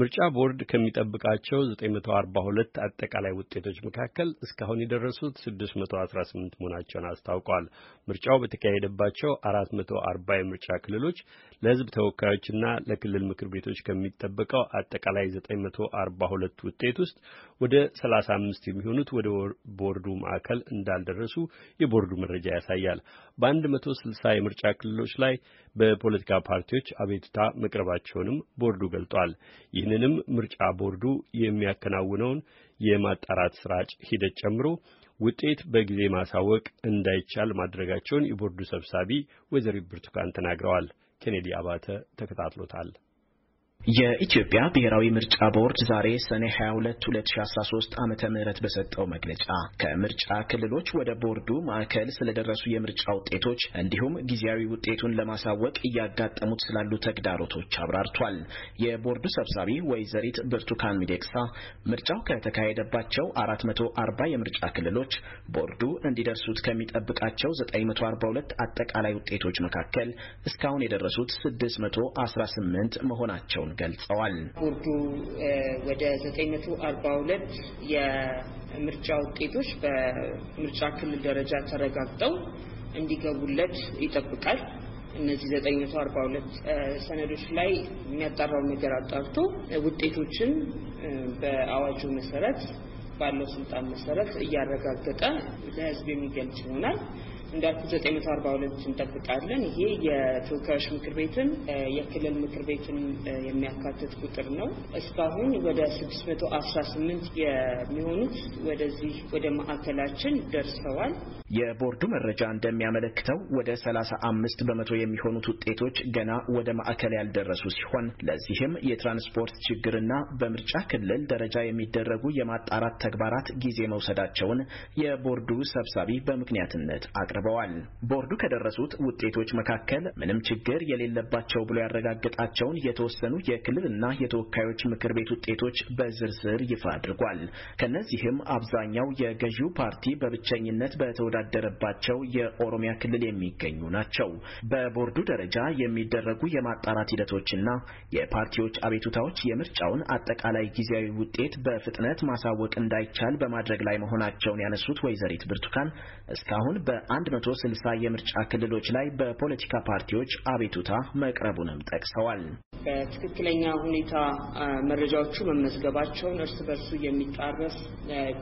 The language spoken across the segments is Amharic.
ምርጫ ቦርድ ከሚጠብቃቸው 942 አጠቃላይ ውጤቶች መካከል እስካሁን የደረሱት 618 መሆናቸውን አስታውቋል። ምርጫው በተካሄደባቸው 440 የምርጫ ክልሎች ለሕዝብ ተወካዮችና ለክልል ምክር ቤቶች ከሚጠበቀው አጠቃላይ 942 ውጤት ውስጥ ወደ 35 የሚሆኑት ወደ ቦርዱ ማዕከል እንዳልደረሱ የቦርዱ መረጃ ያሳያል። በ160 የምርጫ ክልሎች ላይ በፖለቲካ ፓርቲዎች አቤቱታ መቅረባቸውንም ቦርዱ ገልጧል። ይህንንም ምርጫ ቦርዱ የሚያከናውነውን የማጣራት ስራጭ ሂደት ጨምሮ ውጤት በጊዜ ማሳወቅ እንዳይቻል ማድረጋቸውን የቦርዱ ሰብሳቢ ወይዘሪት ብርቱካን ተናግረዋል። ኬኔዲ አባተ ተከታትሎታል። የኢትዮጵያ ብሔራዊ ምርጫ ቦርድ ዛሬ ሰኔ 22 2013 ዓመተ ምህረት በሰጠው መግለጫ ከምርጫ ክልሎች ወደ ቦርዱ ማዕከል ስለደረሱ የምርጫ ውጤቶች እንዲሁም ጊዜያዊ ውጤቱን ለማሳወቅ እያጋጠሙት ስላሉ ተግዳሮቶች አብራርቷል። የቦርዱ ሰብሳቢ ወይዘሪት ብርቱካን ሚደቅሳ ምርጫው ከተካሄደባቸው 440 የምርጫ ክልሎች ቦርዱ እንዲደርሱት ከሚጠብቃቸው 942 አጠቃላይ ውጤቶች መካከል እስካሁን የደረሱት 618 መሆናቸውን ገልጸዋል። ቦርዱ ወደ 942 የምርጫ ውጤቶች በምርጫ ክልል ደረጃ ተረጋግጠው እንዲገቡለት ይጠብቃል። እነዚህ 942 ሰነዶች ላይ የሚያጣራው ነገር አጣርቶ ውጤቶችን በአዋጁ መሰረት ባለው ስልጣን መሰረት እያረጋገጠ ለሕዝብ የሚገልጽ ይሆናል። እንዳልኩ 942 እንጠብቃለን። ይሄ የተወካዮች ምክር ቤትን የክልል ምክር ቤትን የሚያካትት ቁጥር ነው። እስካሁን ወደ 618 የሚሆኑት ወደዚህ ወደ ማዕከላችን ደርሰዋል። የቦርዱ መረጃ እንደሚያመለክተው ወደ 35 በመቶ የሚሆኑት ውጤቶች ገና ወደ ማዕከል ያልደረሱ ሲሆን ለዚህም የትራንስፖርት ችግርና በምርጫ ክልል ደረጃ የሚደረጉ የማጣራት ተግባራት ጊዜ መውሰዳቸውን የቦርዱ ሰብሳቢ በምክንያትነት አቅርበዋል። አቅርበዋል። ቦርዱ ከደረሱት ውጤቶች መካከል ምንም ችግር የሌለባቸው ብሎ ያረጋገጣቸውን የተወሰኑ የክልልና የተወካዮች ምክር ቤት ውጤቶች በዝርዝር ይፋ አድርጓል። ከነዚህም አብዛኛው የገዢው ፓርቲ በብቸኝነት በተወዳደረባቸው የኦሮሚያ ክልል የሚገኙ ናቸው። በቦርዱ ደረጃ የሚደረጉ የማጣራት ሂደቶችና የፓርቲዎች አቤቱታዎች የምርጫውን አጠቃላይ ጊዜያዊ ውጤት በፍጥነት ማሳወቅ እንዳይቻል በማድረግ ላይ መሆናቸውን ያነሱት ወይዘሪት ብርቱካን እስካሁን በአንድ 160 የምርጫ ክልሎች ላይ በፖለቲካ ፓርቲዎች አቤቱታ መቅረቡንም ጠቅሰዋል። በትክክለኛ ሁኔታ መረጃዎቹ መመዝገባቸውን እርስ በርሱ የሚጣረስ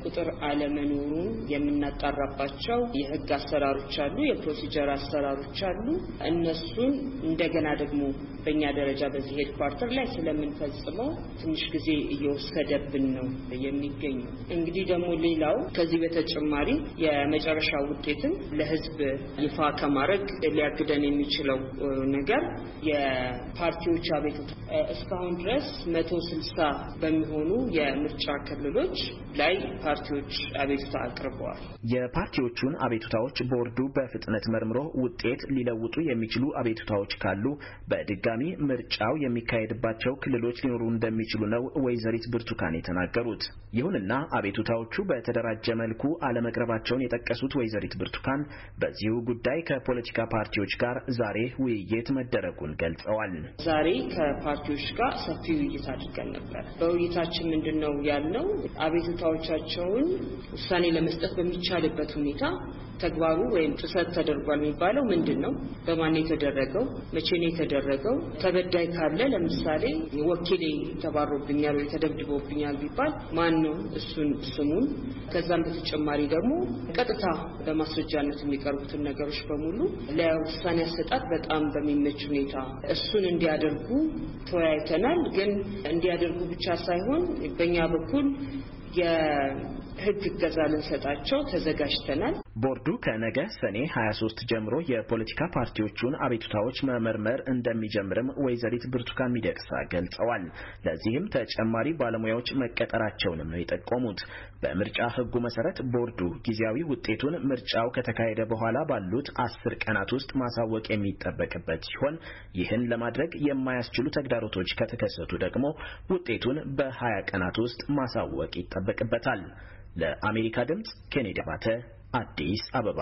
ቁጥር አለመኖሩን የምናጣራባቸው የህግ አሰራሮች አሉ፣ የፕሮሲጀር አሰራሮች አሉ። እነሱን እንደገና ደግሞ በእኛ ደረጃ በዚህ ሄድኳርተር ኳርተር ላይ ስለምንፈጽመው ትንሽ ጊዜ እየወሰደብን ነው የሚገኘው። እንግዲህ ደግሞ ሌላው ከዚህ በተጨማሪ የመጨረሻ ውጤትን ለህዝብ ይፋ ከማድረግ ሊያግደን የሚችለው ነገር የፓርቲዎች አቤ የተቀመጡት። እስካሁን ድረስ መቶ ስልሳ በሚሆኑ የምርጫ ክልሎች ላይ ፓርቲዎች አቤቱታ አቅርበዋል። የፓርቲዎቹን አቤቱታዎች ቦርዱ በፍጥነት መርምሮ ውጤት ሊለውጡ የሚችሉ አቤቱታዎች ካሉ በድጋሚ ምርጫው የሚካሄድባቸው ክልሎች ሊኖሩ እንደሚችሉ ነው ወይዘሪት ብርቱካን የተናገሩት። ይሁንና አቤቱታዎቹ በተደራጀ መልኩ አለመቅረባቸውን የጠቀሱት ወይዘሪት ብርቱካን በዚሁ ጉዳይ ከፖለቲካ ፓርቲዎች ጋር ዛሬ ውይይት መደረጉን ገልጸዋል። ዛሬ ከፓርቲዎች ጋር ሰፊ ውይይት አድርገን ነበር። በውይይታችን ምንድን ነው ያልነው? አቤቱታዎቻቸውን ውሳኔ ለመስጠት በሚቻልበት ሁኔታ ተግባሩ ወይም ጥሰት ተደርጓል የሚባለው ምንድን ነው? በማን የተደረገው? መቼ ነው የተደረገው? ተበዳይ ካለ ለምሳሌ ወኪሌ ተባሮብኛል ወይ ተደብድቦብኛል ቢባል ማን ነው እሱን ስሙን። ከዛም በተጨማሪ ደግሞ ቀጥታ በማስረጃነት የሚቀርቡትን ነገሮች በሙሉ ለውሳኔ አሰጣጥ በጣም በሚመች ሁኔታ እሱን እንዲያደርጉ ተወያይተናል። ግን እንዲያደርጉ ብቻ ሳይሆን በእኛ በኩል የህግ እገዛ ልንሰጣቸው ተዘጋጅተናል። ቦርዱ ከነገ ሰኔ 23 ጀምሮ የፖለቲካ ፓርቲዎቹን አቤቱታዎች መመርመር እንደሚጀምርም ወይዘሪት ብርቱካን ሚደቅሳ ገልጸዋል። ለዚህም ተጨማሪ ባለሙያዎች መቀጠራቸውንም ነው የጠቆሙት። በምርጫ ሕጉ መሰረት ቦርዱ ጊዜያዊ ውጤቱን ምርጫው ከተካሄደ በኋላ ባሉት አስር ቀናት ውስጥ ማሳወቅ የሚጠበቅበት ሲሆን ይህን ለማድረግ የማያስችሉ ተግዳሮቶች ከተከሰቱ ደግሞ ውጤቱን በ20 ቀናት ውስጥ ማሳወቅ ይጠበቅበታል። ለአሜሪካ ድምፅ ኬኔዲ አባተ አዲስ አበባ